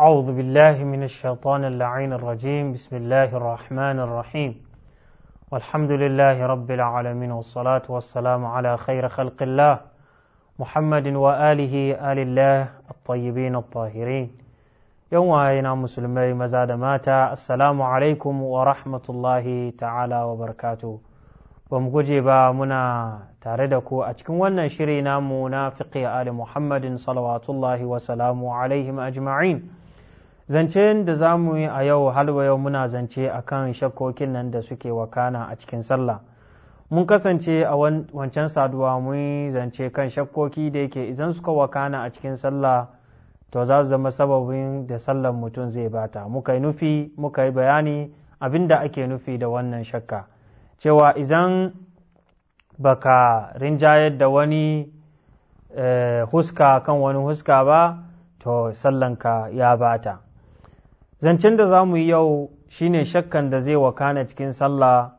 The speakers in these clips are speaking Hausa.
أعوذ بالله من الشيطان اللعين الرجيم بسم الله الرحمن الرحيم والحمد لله رب العالمين والصلاة والسلام على خير خلق الله محمد وآله آل الله الطيبين الطاهرين يوم أين مسلمي مزاد مات السلام عليكم ورحمة الله تعالى وبركاته ومجيب منا تاردكو أتكم ونا شرينا منافقي آل محمد صلوات الله وسلامه عليهم أجمعين zance da za mu yi a yau halwa yau muna zance a kan shakkokin nan da suke wakana a cikin sallah mun kasance a wancan saduwa mun yi zance kan shakkoki da yake idan suka wakana a cikin sallah to za su zama sababin da sallar mutum zai bata muka yi nufi muka yi bayani abin da ake nufi da wannan shakka cewa idan baka rinjayar da wani eh, huska kan wani huska ba to sallanka ya bata zancen da za mu yi yau shine shakkan da zai wakana cikin sallah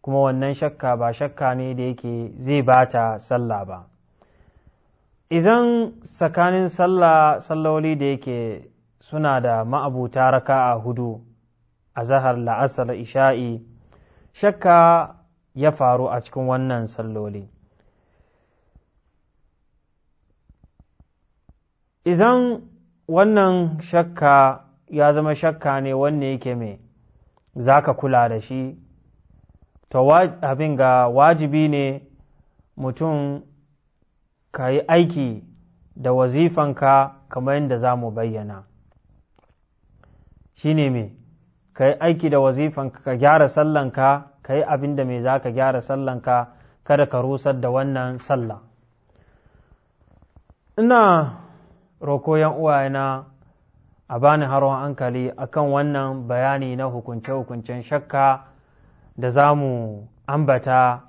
kuma wannan shakka ba shakka ne da yake zai bata sallah ba idan tsakanin sallah salloli da yake suna da ma'abuta a hudu a zahar la'asar isha'i shakka ya faru a cikin wannan salloli idan wannan shakka ya zama shakka ne wanne yake mai za ka kula da shi to abin ga wajibi ne mutum ka yi aiki da wazifanka kamar yadda za mu bayyana shi ne mai ka yi aiki da wazifanka ka gyara sallanka ka yi abin da mai za ka gyara sallanka kada ka rusar da wannan sallah ina roko 'yan uwayena a bani haron hankali akan wannan bayani na hukunce-hukuncen shakka da za mu ambata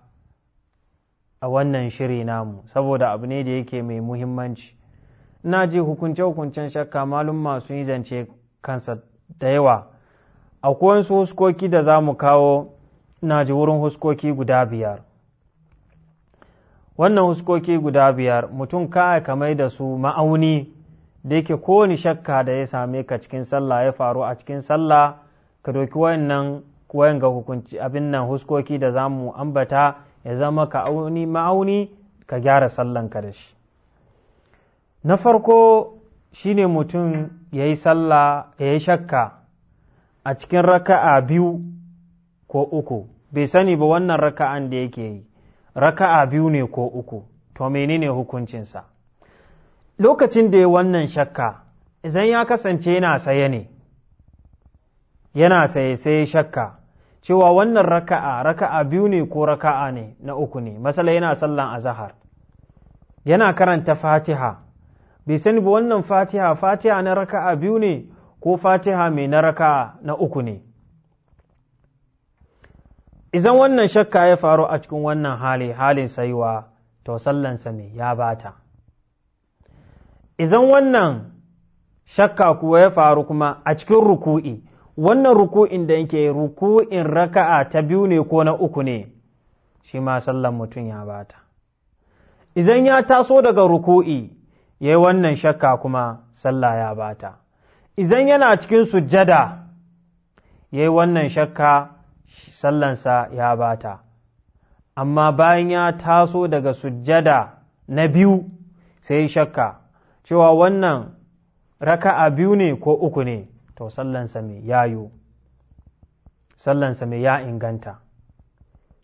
a wannan shiri namu saboda abu ne da yake mai muhimmanci ina ji hukunce-hukuncen shakka malum masu yi zance kansa da yawa akwai wasu huskoki da za mu kawo na ji wurin huskoki guda biyar wannan huskoki guda biyar mutum ka kamai da su ma'auni da yake kowane shakka da ya same ka cikin sallah ya faru a cikin sallah ka doki wayannan wayan ga hukunci abin nan huskoki da za mu ambata ya zama ka auni ma'auni ka gyara sallanka da shi na farko shine mutum ya yi sallah ya yi shakka a cikin raka'a biyu ko uku bai sani ba wannan raka'an da yake yi raka'a biyu ne ko uku to menene hukuncinsa lokacin da ya wannan shakka idan ya kasance yana saye ne yana saye sai shakka cewa wannan raka'a raka'a biyu ne ko raka'a ne na uku ne masala yana sallan azahar yana karanta fatiha bai sani ba wannan fatiha fatiha na raka'a biyu ne ko fatiha mai na raka'a na uku ne Izan wannan shakka ya faru a cikin wannan hali halin saiwa to sallansa ne ya bata izan wannan shakka kuwa ya faru kuma a cikin ruku'i wannan ruku'in da yake ruku'in raka'a ta biyu ne ko na uku ne shi ma sallan mutum ya bata izan ya taso daga ruku'i ya yi wannan shakka kuma sallah ya bata izan yana cikin sujjada ya yi wannan shakka sallansa ya bata amma bayan ya taso daga sujada na biyu sai shakka cewa wannan raka'a biyu ne ko uku ne to sallansa mai yayo sallansa mai ya inganta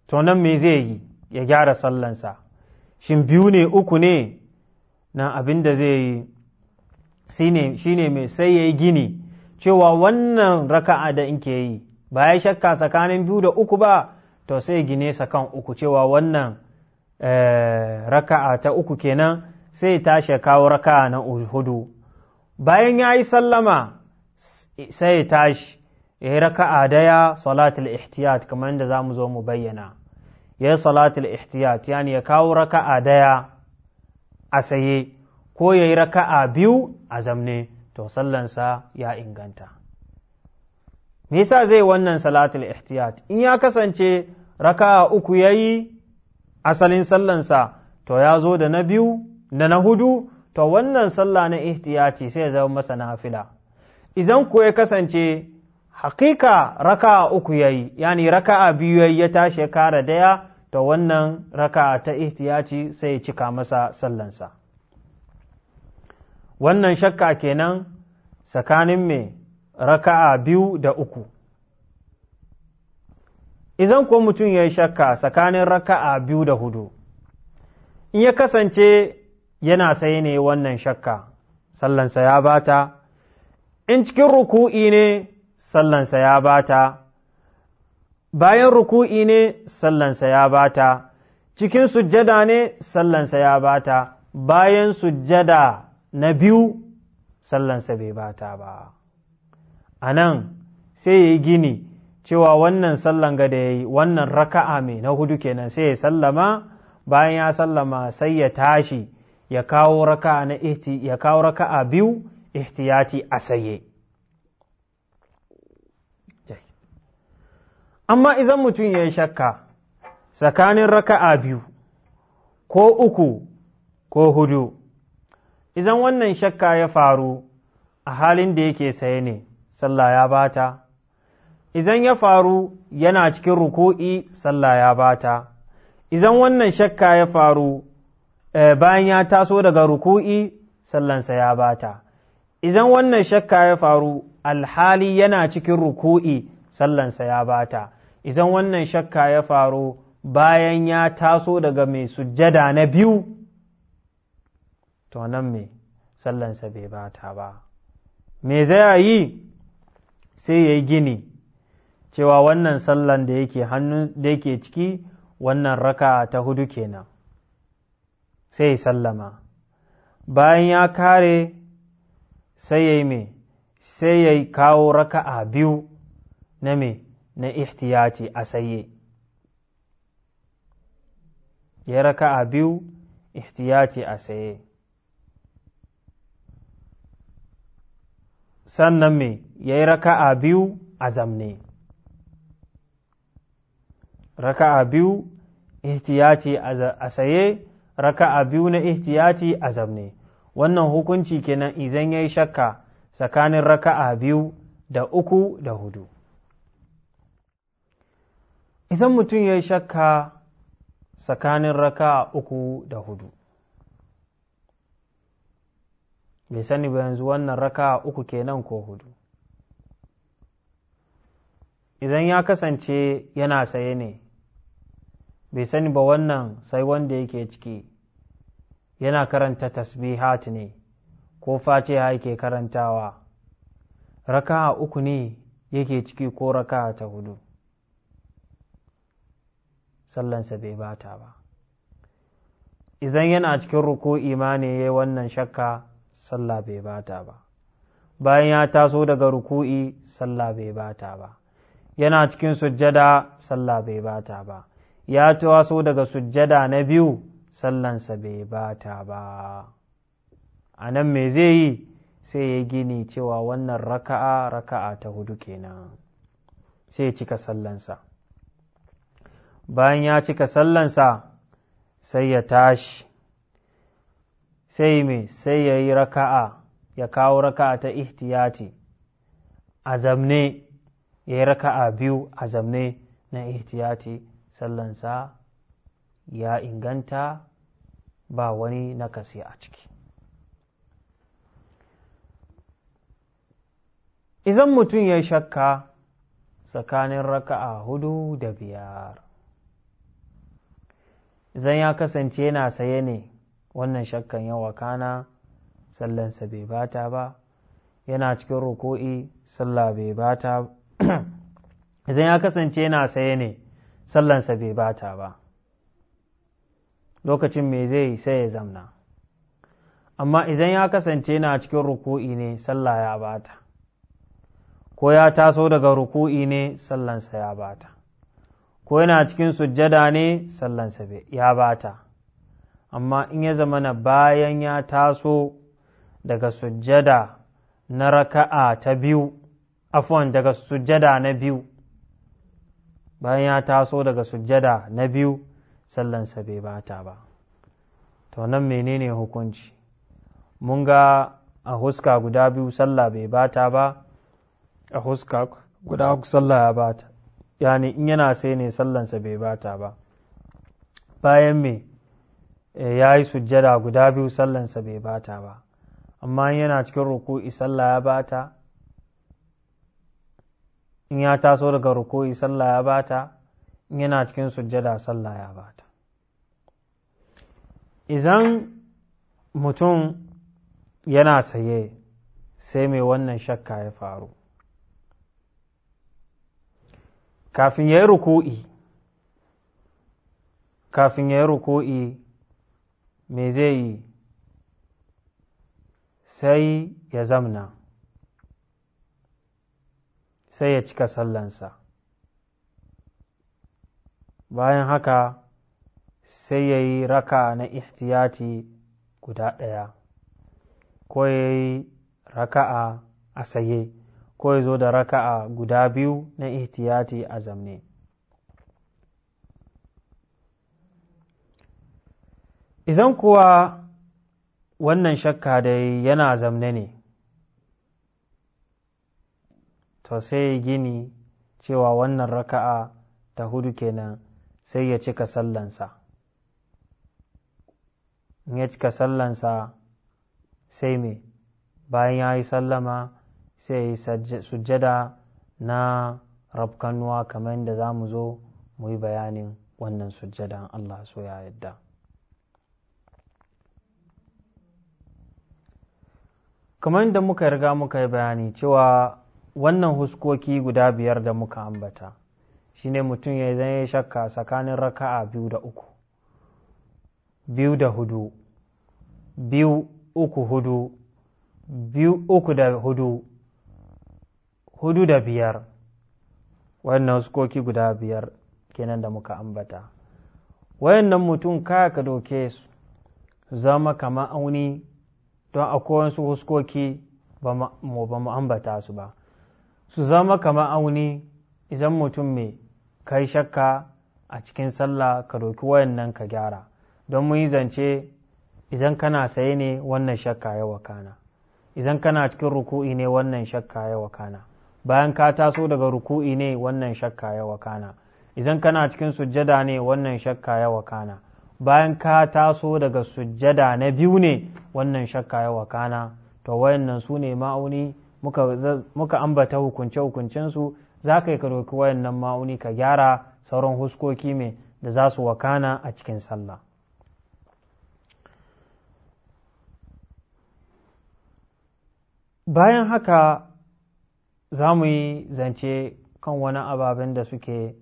to nan me zai yi ya gyara sallansa shin biyu ne uku ne na abin da zai yi shi ne mai sai ya gini cewa wannan raka'a da in ke yi ba ya shakka tsakanin biyu da uku ba to sai gine sa kan uku cewa wannan eh, raka'a ta uku kenan sai tashi ya kawo raka na hudu bayan ya yi sallama sai ya tashi ya yi raka'a daya salatul ihtiyat kamar yadda za mu zo mu bayyana ya yi salatul ihtiyat yani ya kawo raka'a daya a saye ko ya yi raka'a biyu a zamne to sallansa ya inganta me yasa zai wannan salatul ihtiyat in ya kasance raka'a uku ya yi asalin sallansa to ya zo da na biyu da na hudu to wannan sallah na ihtiyaci sai ya zama masa nafila idan ku ya kasance hakika raka'a uku yayi yani raka'a biyu yayi ya tashi ya kara daya to wannan raka'a ta ihtiyaci sai ya cika masa sallansa wannan shakka kenan tsakanin me raka'a biyu da uku idan ko mutum ya shakka tsakanin raka'a biyu da hudu in ya kasance yana sai ne wannan shakka sallansa ya bata in cikin ruku'i ne sallansa ya bata bayan ruku'i ne sallansa ya bata cikin sujjada ne sallansa ya bata bayan sujjada na biyu sallansa bai bata ba a nan sai ya yi gini cewa wannan sallan ga da ya yi wannan raka'a mai na hudu kenan sai ya sallama bayan ya sallama sai ya tashi ya kawo raka'a na ya kawo raka'a biyu ihtiyati a saye amma izan mutum ya yi shakka tsakanin raka'a biyu ko uku ko hudu Izan wannan shakka ya faru a halin da yake saye ne sallah ya bata idan ya faru yana cikin ruku'i sallah ya bata Izan wannan shakka ya faru Eh, bayan ya taso daga ruku'i sallansa ya bata Izan wannan shakka ya faru alhali yana cikin ruku'i sallansa ya bata Izan wannan shakka ya faru bayan ya taso daga mai sujjada na biyu to nan me sallansa bai bata ba me zai yi sai ya yi gini cewa wannan sallan da yake ciki wannan raka ta hudu kenan sai ya sallama bayan ya kare sai ya yi me sai ya kawo raka'a biyu na me na ihtiyati a saye ya raka'a biyu ihtiyati a saye sannan me ya yi raka'a biyu a zamne raka'a biyu ihtiyati a saye raka'a biyu na ihtiyati Azam ne wannan hukunci kenan izan ya yi shakka tsakanin raka'a biyu da uku da hudu idan mutum ya yi shakka tsakanin raka'a uku da hudu bai sani ba yanzu wannan raka'a uku kenan ko hudu Izan ya kasance yana saye ne bai sani ba wannan sai wanda yake ciki yana karanta tasbihat ne ko fatiha yake karantawa raka'a uku ne yake ciki ko raka'a ta hudu sallansa bai bata ba idan yana cikin ruku'i ma ne yayi wannan shakka sallah bai bata ba bayan ya taso daga ruku'i sallah bai bata ba yana cikin sujjada sallah bai bata ba ya taso daga sujjada na biyu sallansa bai bata ba a nan me zai yi sai ya gini cewa wannan raka'a raka'a ta hudu kenan sai ya cika sallansa bayan ya cika sallansa sai ya tashi sai me sai ya yi raka'a ya kawo raka'a ta ihtiyati a zamne ya yi raka'a biyu a zamne na ihtiyati sallansa ya inganta ba wani nakasi a ciki Izan mutum ya shakka tsakanin raka'a hudu da biyar Izan ya kasance yana saye ne wannan shakkan ya wakana sallansa bai bata ba yana cikin ruku'i sallah bai bata idan ya kasance yana saye ne sallansa bai bata ba lokacin me zai yi sai ya zamna amma idan ya kasance na cikin ruku'i ne sallah ya bata ko ya taso daga ruku'i ne sallansa ya bata ko yana cikin sujjada ne sallansa ya bata amma in ya zamana bayan ya taso daga sujjada na raka'a ta biyu afon daga sujjada na biyu bayan ya taso daga sujjada na biyu sallansa bai bata ba to nan menene hukunci mun ga a huska guda biyu sallah bai bata ba a huska guda uku sallah ya bata yani in yana sai ne sallansa bai bata ba bayan me eh, ya yi sujjada guda biyu sallansa bai bata ba amma yana cikin ruku'i sallah ya bata in ya taso daga ruko'i sallah ya bata in yana cikin sujjada sallah ya bata idan mutum yana saye sai mai wannan shakka ya faru kafin ya yi ruku'i kafin ya yi ruku'i mai zai yi sai ya zamna sai ya cika sallansa bayan haka sai ya yi raka na ihtiyati guda ɗaya ko ya yi raka'a a saye ko ya zo da raka'a guda biyu na ihtiyati a zamne idan kuwa wannan shakka dai yana zamne ne to sai ya gini cewa wannan raka'a ta hudu kenan sai ya cika sallansa in ya cika sallansa sai me bayan ya yi sallama sai ya yi sujjada na rafkanuwa kamar yadda za mu zo mu yi bayanin wannan sujjadan Allah so ya yadda kamar yadda muka riga muka yi bayani cewa wannan huskoki guda biyar da muka ambata Shi ne mutum ya zan ya shakka tsakanin raka'a biyu da uku biyu da hudu biyu uku hudu biyu uku da hudu hudu da biyar wannan huskoki guda biyar kenan da muka ambata wayannan mutum kaya ka doke su zama kama auni don akwai wasu huskoki ba mu ambata su ba su zama kamar auni idan mutum mai kai shakka a cikin sallah ka roki wayannan ka gyara don mu yi zance idan kana saye ne wannan shakka ya wakana idan kana cikin ruku'i ne wannan shakka ya wakana bayan ka taso daga ruku'i ne wannan shakka ya wakana idan kana cikin sujjada ne wannan shakka ya wakana bayan ka taso daga sujjada na biyu ne wannan shakka ya wakana to wayannan su ne ma'auni muka ambata hukunce-hukuncensu za ka yi karoki wayannan ma'auni ka gyara sauran huskoki mai da za su wakana a cikin sallah bayan haka za mu yi zance kan wani ababen da suke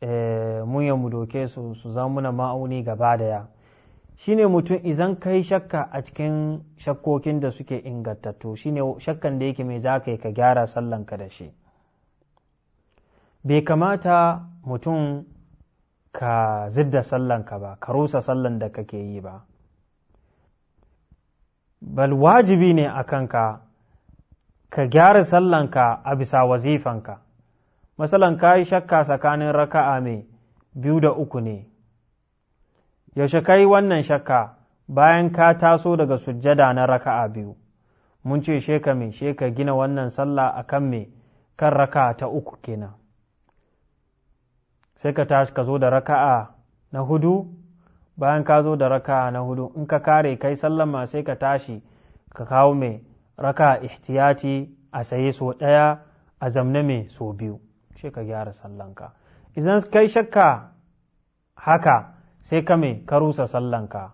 eh, munyan mu doke su su zamuna ma'auni gaba daya shine mutum izan yi shakka a cikin shakkokin da suke ingantattu shine shakkan da yake mai za ka yi ka gyara sallanka da shi bai kamata mutum ka zidda sallanka ba ka rusa sallan da kake yi ba bal wajibi ne a kanka ka gyara sallanka a bisa wazifanka masalan ka yi shakka tsakanin raka'a mai biyu da uku ne yaushe kai wannan shakka bayan ka taso daga sujjada na raka'a biyu mun ce sheka me sheka gina wannan sallah akan me kan raka'a ta uku kenan sai ka tashi ka zo da raka'a na hudu bayan ka zo da raka'a na hudu in ka kare kai sallama sai ka tashi ka kawo mai raka'a ihtiyati a saye so ɗaya a zamne mai so biyu sai ka gyara sallanka idan kai shakka haka sai ka ka rusa sallanka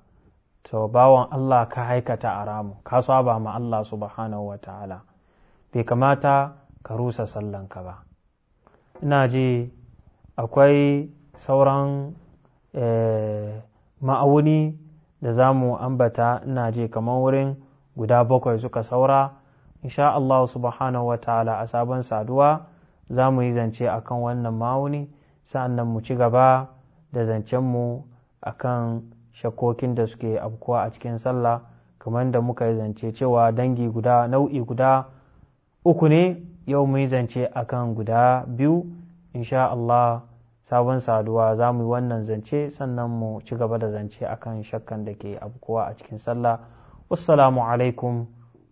to bawan Allah ka haikata aramu ka saba ma Allah subhanahu wa ta'ala bai kamata ka rusa sallanka ba ina ji akwai sauran eh, ma'auni da za mu ambata ina ji kamar wurin guda bakwai suka saura insha Allah subhanahu wa ta'ala a sabon saduwa za mu yi zance akan wannan ma'auni sannan mu ci gaba da zancenmu akan shakokin da suke afkuwa a cikin sallah kamar da muka yi zance cewa dangi guda nau'i guda uku ne yau mu yi zance akan guda biyu insha Allah sabon saduwa za mu yi wannan zance sannan mu ci gaba da zance akan shakkan da ke afkuwa a cikin sallah wassalamu alaikum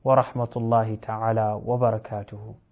wa rahmatullahi ta'ala wa barakatuhu